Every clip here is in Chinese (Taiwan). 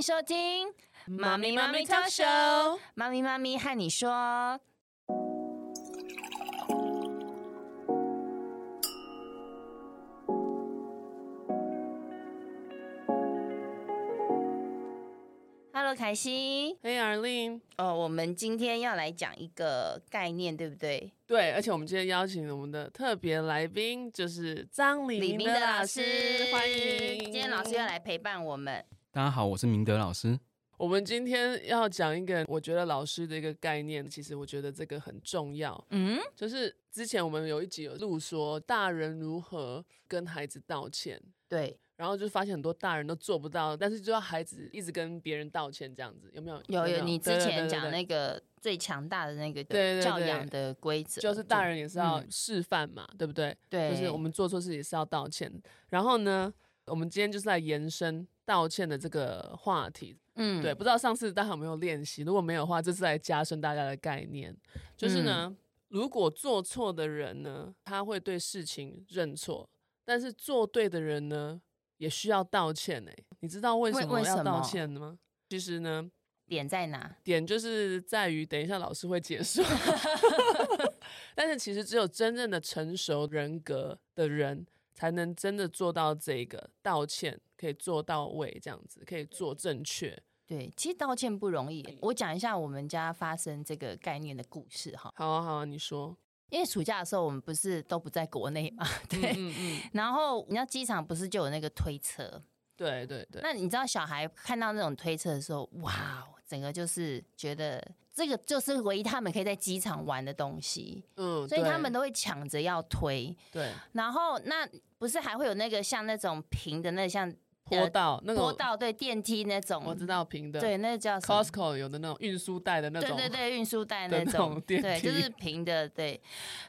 收聽《媽咪媽咪 Talk Show》，媽咪媽咪和你說：“Hello，凱西。Hey，Arlene。哦，我們今天要來講一個概念，對不對？對，而且我們今天邀請我們的特別來賓就是張李明德老師，歡迎今天老師要來陪伴我們。”大家好，我是明德老師。我們今天要講一個，我覺得老師的一個概念，其實我覺得這個很重要。嗯，就是之前我們有一集有錄說，大人如何跟孩子道歉。對，然後就發現很多大人都做不到，但是就要孩子一直跟別人道歉這樣子，有沒有？有的有。你之前講那個最強大的那個教養的規則，就是大人也是要示範嘛，嗯、對不對？對，就是我們做錯事也是要道歉。然後呢，我們今天就是來延伸。道歉的這個話題，嗯，對，不知道上次大家有沒有練習，如果沒有的話，這次來加深大家的概念。就是呢，嗯、如果做錯的人呢，他會對事情認錯，但是做對的人呢，也需要道歉呢。你知道為什麼要道歉的嗎？其實呢，點在哪？點就是在於，等一下老師會解說。 但是其實只有真正的成熟人格的人，才能真的做到這個道歉。可以做到位，這樣子可以做正確。對，其實道歉不容易。對我講一下我們家發生這個概念的故事哈。好啊，好啊，你說。因為暑假的時候，我們不是都不在國內嘛？對，嗯嗯嗯。然後你知道機場不是就有那個推車？對對對。那你知道小孩看到那種推車的時候，哇，整個就是覺得這個就是唯一他們可以在機場玩的東西。嗯。所以他們都會搶着要推。對。然後那不是還會有那個像那種平的那像。坡道，那個坡道對，電梯那種，我知道平的，對，那個、叫 Costco 有的那種運輸帶的那種，對對對，運輸帶那種、的那種電梯，對，就是平的，對。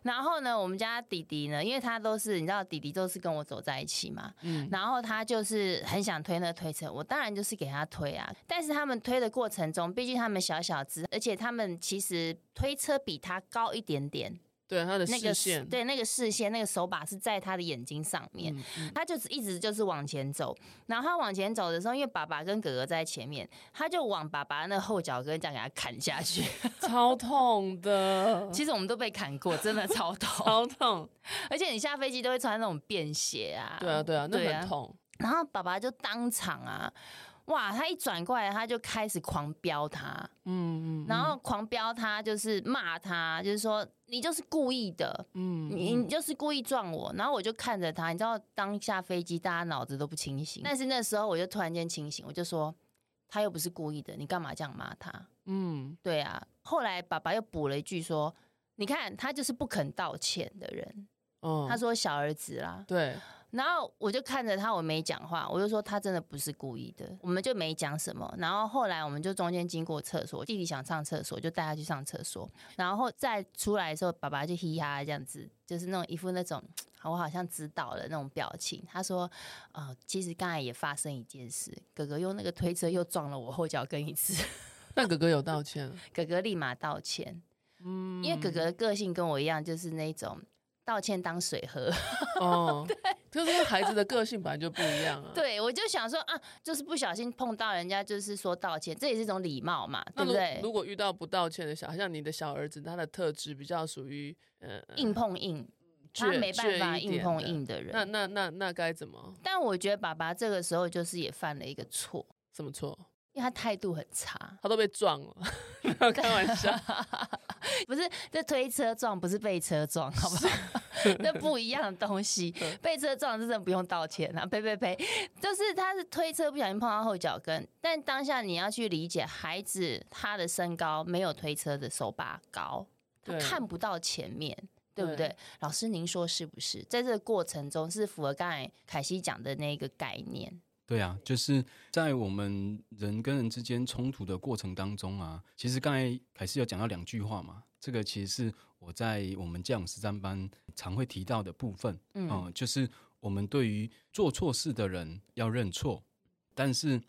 然後呢，我們家弟弟呢，因為他都是你知道弟弟都是跟我走在一起嘛，嗯，然後他就是很想推那個推車，我當然就是給他推啊。但是他們推的過程中，畢竟他們小小只，而且他們其實推車比他高一點點。對他的視線，那個、對那個視線，那個手把是在他的眼睛上面。嗯嗯、他就只一直就是往前走，然後他往前走的時候，因為爸爸跟哥哥在前面，他就往爸爸那後腳跟這樣給他砍下去，超痛的。 其實我們都被砍過，真的超痛，超痛。而且你下飛機都會穿那種便鞋啊。對啊，對啊，那很痛、啊。然後爸爸就當場啊。哇，他一轉過來，他就開始狂飆他，嗯嗯，嗯然後狂飆他就是罵他，嗯、就是說你就是故意的，嗯，你你就是故意撞我，然後我就看着他，你知道當下飛機大家腦子都不清醒，但是那時候我就突然間清醒，我就說他又不是故意的，你幹嘛這樣罵他？嗯，對啊。後來爸爸又補了一句說，你看他就是不肯道歉的人，哦、嗯，他說小兒子啦，對。然後我就看着他，我沒講話，我就說他真的不是故意的，我們就沒講什麼。然後後來我們就中間經過廁所，弟弟想上廁所就帶他去上廁所。然後再出來的時候，爸爸就嘻嘻哈哈這樣子，就是那種一副那種我好像知道了那種表情。他說：“哦，其實剛才也發生一件事，哥哥用那個推車又撞了我後腳跟一次。”嗯，那哥哥有道歉？ 哥哥立馬道歉。嗯，因為哥哥的個性跟我一樣，就是那種。道歉當水喝， 哦，對，就是因為孩子的個性本來就不一樣啊。 對，我就想說啊，就是不小心碰到人家，就是說道歉，這也是一種禮貌嘛，對不對？如果遇到不道歉的小孩，像你的小兒子，他的特質比較屬於嗯、呃、硬碰硬，確他沒辦法硬碰硬的人，的那那那那該怎麼？但我覺得爸爸這個時候就是也犯了一個錯，什麼錯？因為他態度很差，他都被撞了， 開玩笑， 不是這推車撞，不是被車撞，好不好？是 那不一樣的東西， 被車撞是真的不用道歉啊！呸呸呸！ 就是他是推車不小心碰到後腳跟，但當下你要去理解孩子，他的身高沒有推車的手把高，他看不到前面對，對不對？對，老師，您說是不是？在這個過程中是符合剛才凱西講的那個概念。對啊，就是在我們人跟人之間衝突的過程當中啊，其實剛才還是有講到兩句話嘛。這個其實是我在我們教養實戰班常會提到的部分嗯、呃，就是我們對於做錯事的人要認錯，但是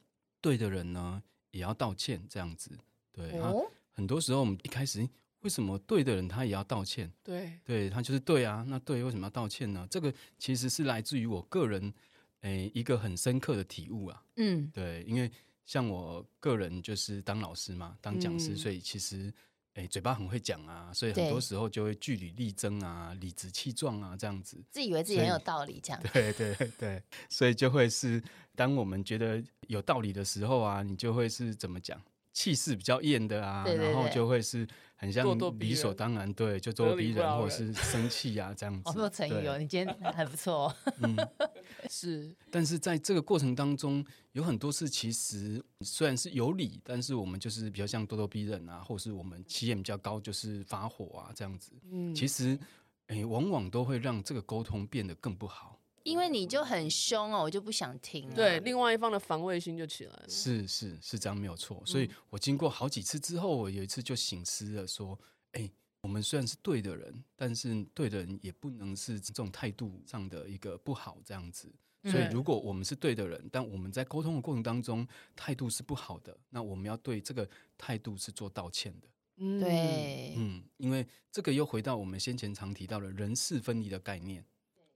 對的人呢也要道歉，這樣子。對，啊，哦、很多時候我們一開始為什麼對的人他也要道歉？對，對他就是對啊，那對為什麼要道歉呢？這個其實是來自於我個人。誒，一個很深刻的體悟啊。嗯，對，因為像我個人就是當老師嘛，當講師，嗯、所以其實誒，嘴巴很會講啊，所以很多時候就會據理力爭啊，對理直氣壯啊，這樣子，自己以為自己很有道理，這樣。對，對對對，所以就會是，當我們覺得有道理的時候啊，你就會是怎麼講。氣勢比較硬的啊，對對對，然後就會是很像理所當然，咄咄。對，就咄咄逼人，咄咄逼人或者是生氣啊 這樣子。好、哦、多成語哦，你今天還不錯。 嗯，是。但是在這個過程當中，有很多事其實雖然是有理，但是我們就是比較像咄咄逼人啊，或是我們氣焰比較高，就是發火啊這樣子。嗯，其實誒，往往都會讓這個溝通變得更不好。因為你就很兇哦，我就不想聽了。對，另外一方的防衛心就起來了。是是是，是這樣沒有錯。所以我經過好幾次之後，我有一次就省思了，說：“哎、欸，我們雖然是對的人，但是對的人也不能是這種態度上的一個不好這樣子。所以，如果我們是對的人，但我們在溝通的過程當中態度是不好的，那我們要對這個態度是做道歉的。對，嗯，嗯，因為這個又回到我們先前常提到的人事分離的概念。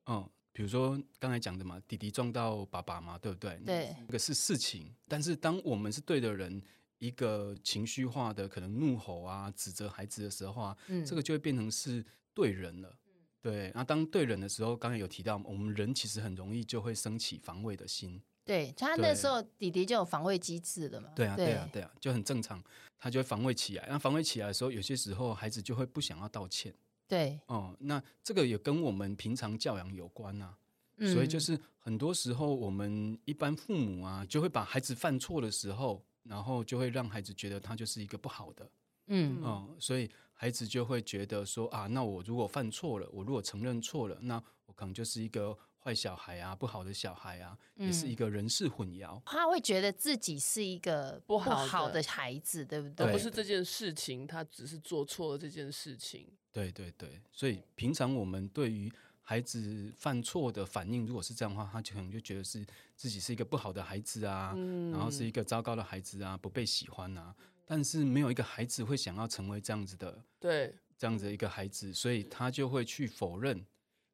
嗯。比如說剛才講的嘛，弟弟撞到爸爸嘛，對不對？對，這個是事情。但是當我們是對的人，一個情緒化的可能怒吼啊、指責孩子的時候啊，嗯，這個就會變成是對人了。嗯，對，那當對人的時候，剛才有提到，我們人其實很容易就會升起防衛的心。對，他那時候，對弟弟就有防衛機制的嘛。對啊，對,對啊，對啊，就很正常，他就會防衛起來。那防衛起來的時候，有些時候孩子就會不想要道歉。對，哦、嗯，那這個也跟我們平常教養有關啊，嗯、所以就是很多時候我們一般父母啊，就會把孩子犯錯的時候，然後就會讓孩子覺得他就是一個不好的，嗯，哦、嗯，所以孩子就會覺得說啊，那我如果犯錯了，我如果承認錯了，那我可能就是一個。壞小孩啊，不好的小孩啊，嗯、也是一個人事混淆。他會覺得自己是一個不好的孩子，不好的對不對？不是這件事情，他只是做錯了這件事情。對對對，所以平常我們對於孩子犯錯的反應，如果是這樣的話，他就可能就覺得是自己是一個不好的孩子啊，嗯、然後是一個糟糕的孩子啊，不被喜歡啊。但是沒有一個孩子會想要成為這樣子的，對，這樣子的一個孩子，所以他就會去否認，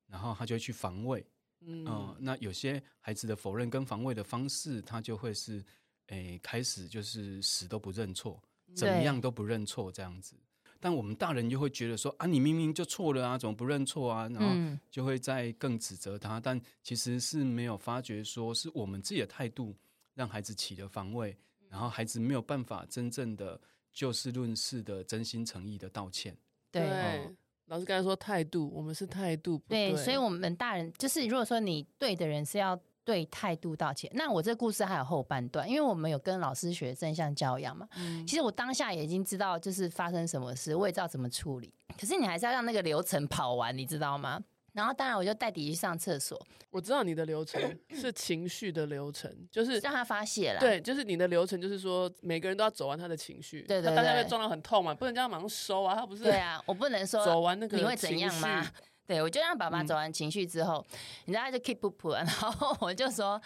然後他就會去防衛。嗯、呃，那有些孩子的否認跟防衛的方式，他就會是，誒、欸，開始就是死都不認錯，怎麼樣都不認錯這樣子。對但我們大人就會覺得說，啊，你明明就錯了啊，怎麼不認錯啊？然後就會再更指責他。嗯、但其實是沒有發覺說，是我們自己的態度讓孩子起了防衛，然後孩子沒有辦法真正的就事論事的真心誠意的道歉。對。呃老師剛才說態度，我們是態度不對，對，所以我們大人就是，如果說你對的人是要對態度道歉，那我這故事還有後半段，因為我們有跟老師學正向教養嘛，嗯，其實我當下也已經知道就是發生什麼事，我也知道怎麼處理，可是你還是要讓那個流程跑完，你知道嗎？然後，當然我就帶弟弟去上廁所。我知道你的流程是情緒的流程， 就是、是讓他發洩啦。對，就是你的流程，就是說每個人都要走完他的情緒。對對對，大家被撞到很痛嘛，不能這樣馬上收啊。他不是對啊，我不能說走完那個你會怎樣嗎？ 對，我就讓爸爸走完情緒之後，嗯、你知道他就 keep 不 p 了。然後我就說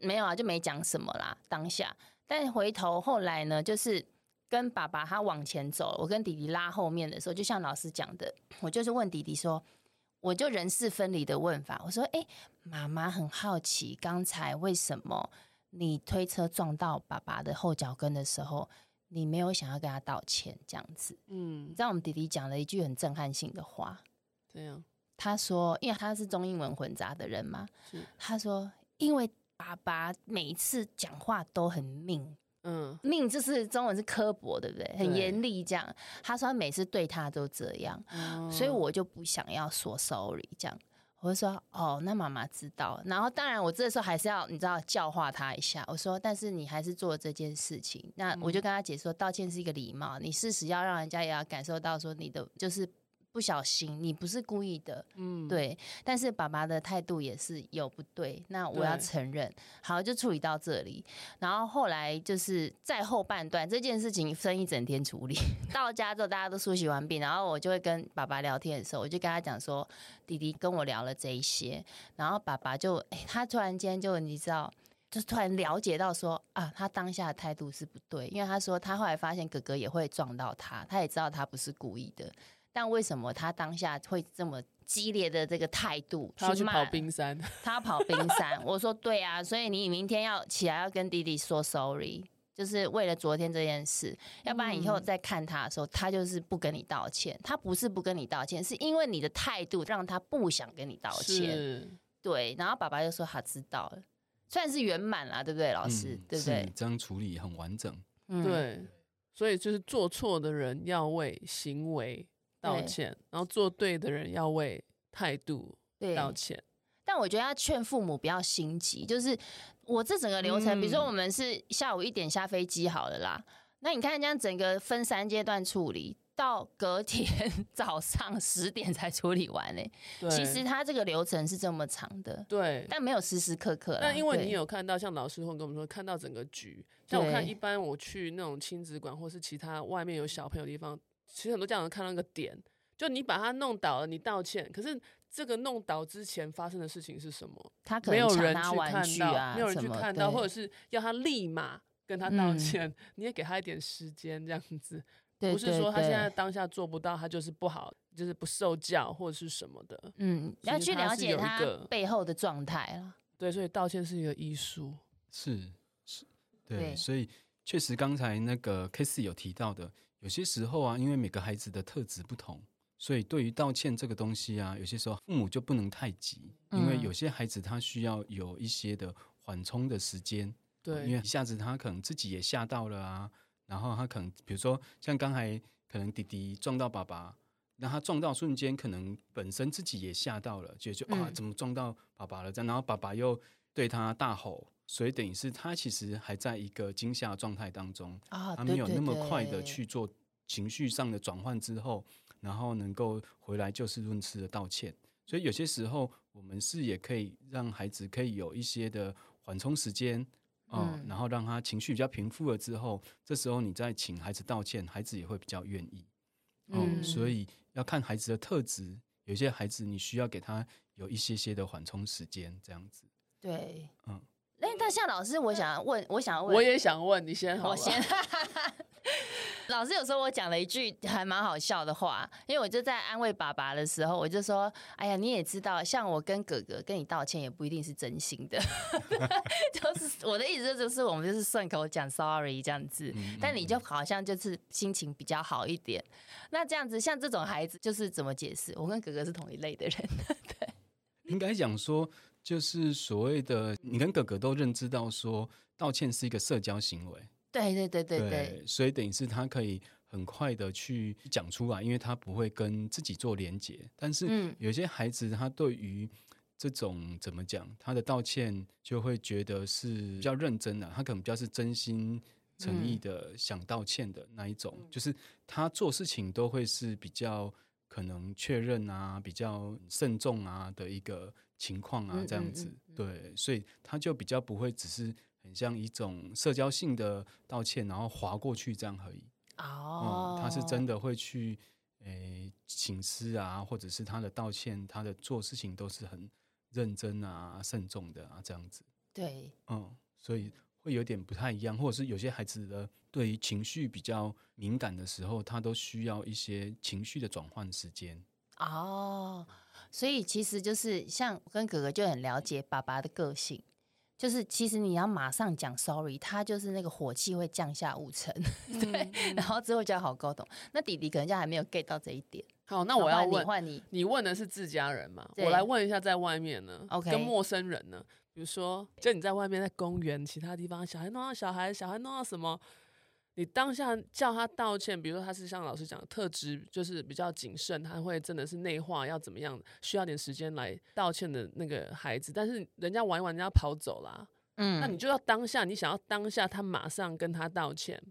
沒有啊，就沒講什麼啦，當下。但回頭後來呢，就是跟爸爸他往前走，我跟弟弟拉後面的時候，就像老師講的，我就是問弟弟說。我就人事分離的問法，我說：“哎、欸，媽媽很好奇，剛才為什麼你推車撞到爸爸的後腳跟的時候，你沒有想要跟他道歉這樣子？”嗯，你知道我們弟弟講了一句很震撼性的話，對呀、嗯，他說：“因為他是中英文混雜的人嘛，是他說因為爸爸每一次講話都很命。嗯，命就是中文是刻薄，對不對？很嚴厲這樣。他對說她每次對他都這樣，嗯、所以我就不想要說 sorry，這樣我就說哦，那媽媽知道。然後當然我這個時候還是要你知道教化他一下，我說但是你還是做這件事情，那我就跟他解釋說、嗯、道歉是一個禮貌，你事實要讓人家也要感受到說你的就是。不小心，你不是故意的，嗯，對。但是爸爸的態度也是有不對，那我要承認。對好，就處理到這裡。然後後來就是在後半段，這件事情分一整天處理。 到家之後，大家都梳洗完畢，然後我就會跟爸爸聊天的時候，我就跟他講說，弟弟跟我聊了這一些，然後爸爸就，哎、欸，他突然間就你知道，就是突然了解到說，啊，他當下的態度是不對，因為他說他後來發現哥哥也會撞到他，他也知道他不是故意的。但為什麼他當下會這麼激烈的這個態度去罵？他要去，他要跑冰山，他要跑冰山。我說對啊，所以你明天要起來要跟弟弟說 sorry，就是為了昨天這件事，要不然以後再看他的時候，他就是不跟你道歉。他不是不跟你道歉，是因為你的態度讓他不想跟你道歉。對。然後爸爸就說他知道了，算是圓滿啦，對不對？老師，嗯、對不對？對。這樣處理很完整。對。所以就是做錯的人要為行為道歉，然後做對的人要為態度道歉。對但我覺得要勸父母不要心急，就是我這整個流程，嗯、比如說我們是下午一點下飛機好了啦。那你看人家整個分三階段處理，到隔天早上十點才處理完呢，欸。對其實他這個流程是這麼長的。對，但沒有時時刻刻。那因為你有看到對像老師會跟我們說，看到整個局。像我看一般我去那種親子館或是其他外面有小朋友的地方，其實很多家長看到一個點，就你把他弄倒了，你道歉。可是這個弄倒之前發生的事情是什麼？他可能沒有人去看到，啊、沒有人去看到，或者是要他立馬跟他道歉？嗯、你也給他一點時間，這樣子，對對不是說他現在當下做不到，他就是不好，就是不受教或者是什麼的。嗯，你要去了解他背後的狀態了。對，所以道歉是一個藝術，是是，對，對，所以確實剛才那個 Case 有提到的。有些時候啊，因為每個孩子的特質不同，所以對於道歉這個東西啊，有些時候父母就不能太急，嗯、因為有些孩子他需要有一些的緩衝的時間。對、嗯，因為一下子他可能自己也嚇到了啊，然後他可能比如說像剛才可能弟弟撞到爸爸，那他撞到瞬間可能本身自己也嚇到了，覺得啊、嗯哦、怎麼撞到爸爸了？這樣，然後爸爸又對他大吼。所以等於是他其實還在一個驚嚇狀態當中，啊、他沒有那麼快的去做情緒上的轉換之後，對對對，然後能夠回來就事論事的道歉。所以有些時候我們是也可以讓孩子可以有一些的緩衝時間啊、嗯嗯，然後讓他情緒比較平復了之後，這時候你再請孩子道歉，孩子也會比較願意。嗯，嗯，所以要看孩子的特質，有些孩子你需要給他有一些些的緩衝時間，這樣子。對，嗯。哎、欸，但像老師，我想要問，嗯、我想要問，我也想問，你先好。我先。 老師有時候我講了一句還蠻好笑的話，因為我就在安慰爸爸的時候，我就說：“哎呀，你也知道，像我跟哥哥跟你道歉，也不一定是真心的， 就是我的意思就是我們就是順口講 sorry 這樣子。但你就好像就是心情比較好一點。嗯嗯。那這樣子，像這種孩子就是怎麼解釋？我跟哥哥是同一類的人，對。應該講說。就是所謂的，你跟哥哥都認知到說道歉是一個社交行為，對對對對對，對，所以等於是他可以很快的去講出來，因為他不會跟自己做連接。但是有些孩子他對於這種、嗯、怎麼講，他的道歉就會覺得是比較認真的、啊，他可能比較是真心誠意的、嗯、想道歉的那一種，就是他做事情都會是比較。可能確認啊，比較慎重啊的一個情況啊，這樣子，嗯嗯嗯嗯、對，所以他就比較不會只是很像一種社交性的道歉，然後滑過去這樣而已。哦、嗯，他是真的會去誒、欸、請示啊，或者是他的道歉，他的做事情都是很認真啊、慎重的啊，這樣子。對，嗯，所以。會有點不太一樣，或者是有些孩子的對於情緒比較敏感的時候，他都需要一些情緒的轉換時間。哦，oh, 所以其實就是像跟哥哥就很了解爸爸的個性，就是其實你要馬上講 sorry，他就是那個火氣會降下五成，mm hmm. 對，然後之後就好溝通。那弟弟可能就還沒有 get 到這一點。好，那我要問你，換你，你問的是自家人嘛？這樣。我來問一下，在外面呢？OK，跟陌生人呢？比如說，就你在外面在公園其他地方，小孩弄到小孩，小孩弄到什麼？你當下叫他道歉。比如說，他是像老師講的特質，就是比較謹慎，他會真的是內化要怎麼樣，需要點時間來道歉的那個孩子。但是人家玩一玩，人家跑走啦。嗯，那你就要當下，你想要當下他馬上跟他道歉，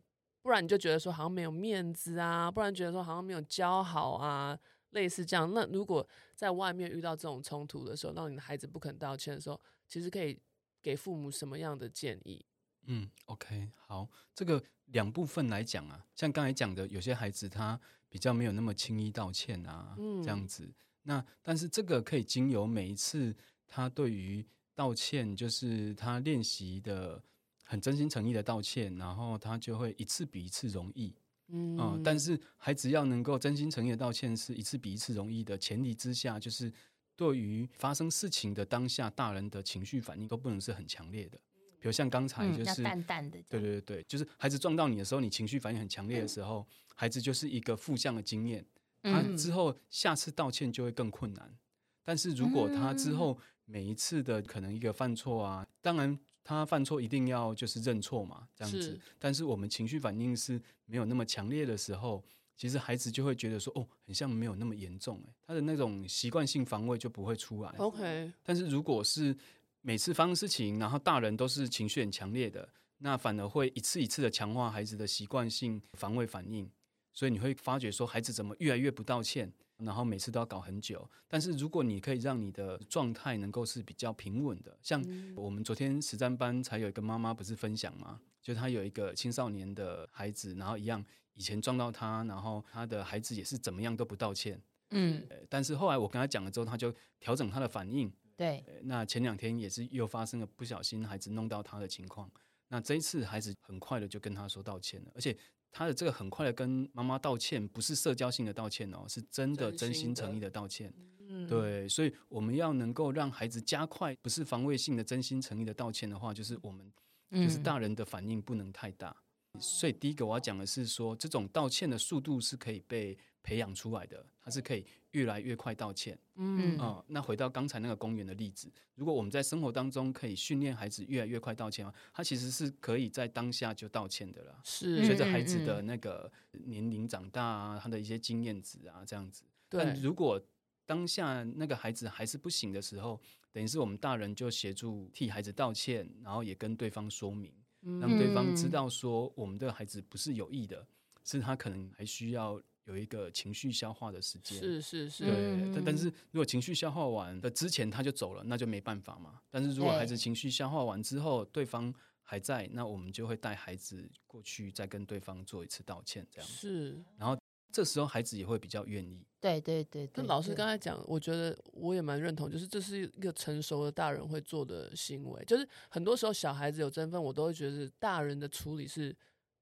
不然你就覺得說好像沒有面子啊，不然覺得說好像沒有教好啊，類似這樣。那如果在外面遇到這種衝突的時候，讓你的孩子不肯道歉的時候。其實可以給父母什麼樣的建議？嗯，OK，好，這個兩部分來講啊，像剛才講的，有些孩子他比較沒有那麼輕易道歉啊，嗯、這樣子。那但是這個可以經由每一次他對於道歉，就是他練習的很真心誠意的道歉，然後他就會一次比一次容易。嗯，嗯，但是孩子要能夠真心誠意的道歉，是一次比一次容易的前提之下，就是，對於發生事情的當下，大人的情緒反應都不能是很強烈的。比如像剛才就是，嗯、要淡淡的這樣。對對對，就是孩子撞到你的時候，你情緒反應很強烈的時候，嗯、孩子就是一個負向的經驗。他之後下次道歉就會更困難。嗯、但是如果他之後每一次的可能一個犯錯啊，嗯、當然他犯錯一定要就是認錯嘛，這樣子。是，但是我們情緒反應是沒有那麼強烈的時候。其實孩子就會覺得說哦，很像沒有那麼嚴重誒，他的那種習慣性防衛就不會出來。OK，但是如果是每次發生事情，然後大人都是情緒很強烈的，那反而會一次一次的強化孩子的習慣性防衛反應。所以你會發覺說，孩子怎麼越來越不道歉，然後每次都要搞很久。但是如果你可以讓你的狀態能夠是比較平穩的，像我們昨天實戰班才有一個媽媽不是分享嗎？就她有一個青少年的孩子，然後一樣。以前撞到他，然後他的孩子也是怎麼樣都不道歉。嗯、呃，但是後來我跟他講了之後，他就調整他的反應。對、呃，那前兩天也是又發生了不小心孩子弄到他的情況，那這一次孩子很快的就跟他說道歉了，而且他的這個很快的跟媽媽道歉，不是社交性的道歉哦，是真的、真心的、真心誠意的道歉。嗯、對，所以我們要能夠讓孩子加快，不是防衛性的真心誠意的道歉的話，就是我們、嗯、就是大人的反應不能太大。所以第一個我要講的是說，這種道歉的速度是可以被培養出來的，它是可以越來越快道歉。嗯、呃，那回到剛才那個公園的例子，如果我們在生活當中可以訓練孩子越來越快道歉，他其實是可以在當下就道歉的了。是隨着孩子的那個年齡長大啊，他的一些經驗值啊，這樣子。對但如果當下那個孩子還是不行的時候，等於是我們大人就協助替孩子道歉，然後也跟對方說明。讓對方知道說，我們的孩子不是有意的，是他可能還需要有一個情緒消化的時間。是是是對，對、嗯。但是如果情緒消化完的之前他就走了，那就沒辦法嘛。但是如果孩子情緒消化完之後，對方還在，對那我們就會帶孩子過去，再跟對方做一次道歉，這樣。是。然後。這時候孩子也會比較願意。對對，對對對，那老師剛才講，我覺得我也蠻認同，就是這是一個成熟的大人會做的行為。就是很多時候小孩子有爭分，我都會覺得大人的處理是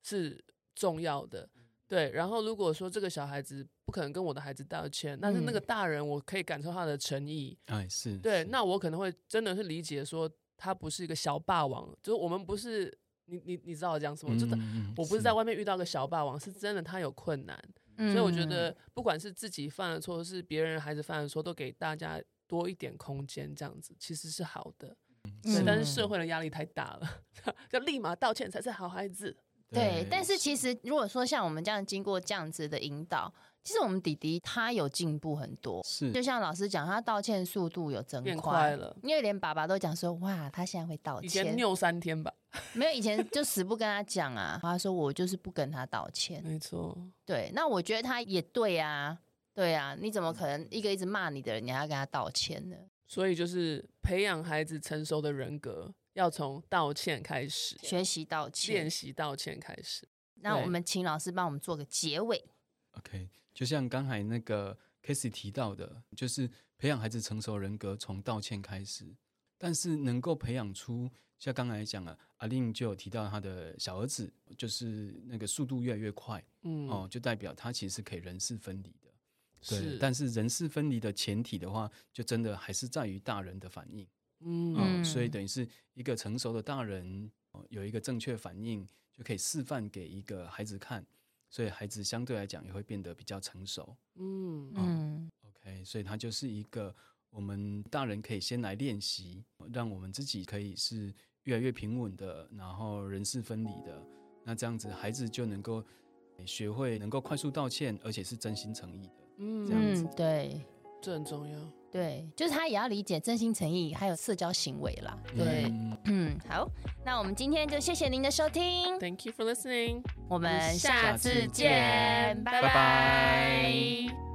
是重要的。對，然後如果說這個小孩子不可能跟我的孩子道歉，但、嗯、是那個大人我可以感受他的誠意，哎，是對，是那我可能會真的是理解說他不是一個小霸王，就是我們不是你你你知道這樣子，我真的我不是在外面遇到個小霸王，是真的他有困難。所以我覺得，不管是自己犯的錯，是別人孩子犯的錯，都給大家多一點空間，這樣子其實是好的。是啊。但是社會的壓力太大了，就 立馬道歉才是好孩子。對，對但是其實如果說像我們這樣經過這樣子的引導，是其實我們弟弟他有進步很多，是就像老師講，他道歉速度有增快，變快了。因為連爸爸都講說哇，他現在會道歉，以前六三天吧，沒有以前就死不跟他講啊， 他說我就是不跟他道歉，沒錯錯，對，那我覺得他也對啊，對啊，你怎麼可能一個一直罵你的人，你還要跟他道歉呢？所以就是培養孩子成熟的人格。要從道歉開始，學習道歉，練習道歉開始。那我們請老師幫我們做個結尾。對 OK，就像剛才那個 Cathy 提到的，就是培養孩子成熟人格從道歉開始。但是能夠培養出，像剛才講的，阿玲就有提到他的小兒子，就是那個速度越來越快，嗯，哦，就代表他其實可以人事分離的。對是，但是人事分離的前提的話，就真的還是在於大人的反應。嗯，嗯，所以等於是一個成熟的大人有一個正確反應，就可以示範給一個孩子看，所以孩子相對來講也會變得比較成熟。嗯，嗯，OK，所以他就是一個我們大人可以先來練習，讓我們自己可以是越來越平穩的，然後人事分離的，那這樣子孩子就能夠學會能夠快速道歉，而且是真心誠意的。嗯，這樣子，嗯，對，這很重要。對，就是他也要理解，真心誠意，還有社交行為啦。對，嗯， 好，那我們今天就謝謝您的收聽，Thank you for listening，我們下次見，下次見，拜拜。Bye bye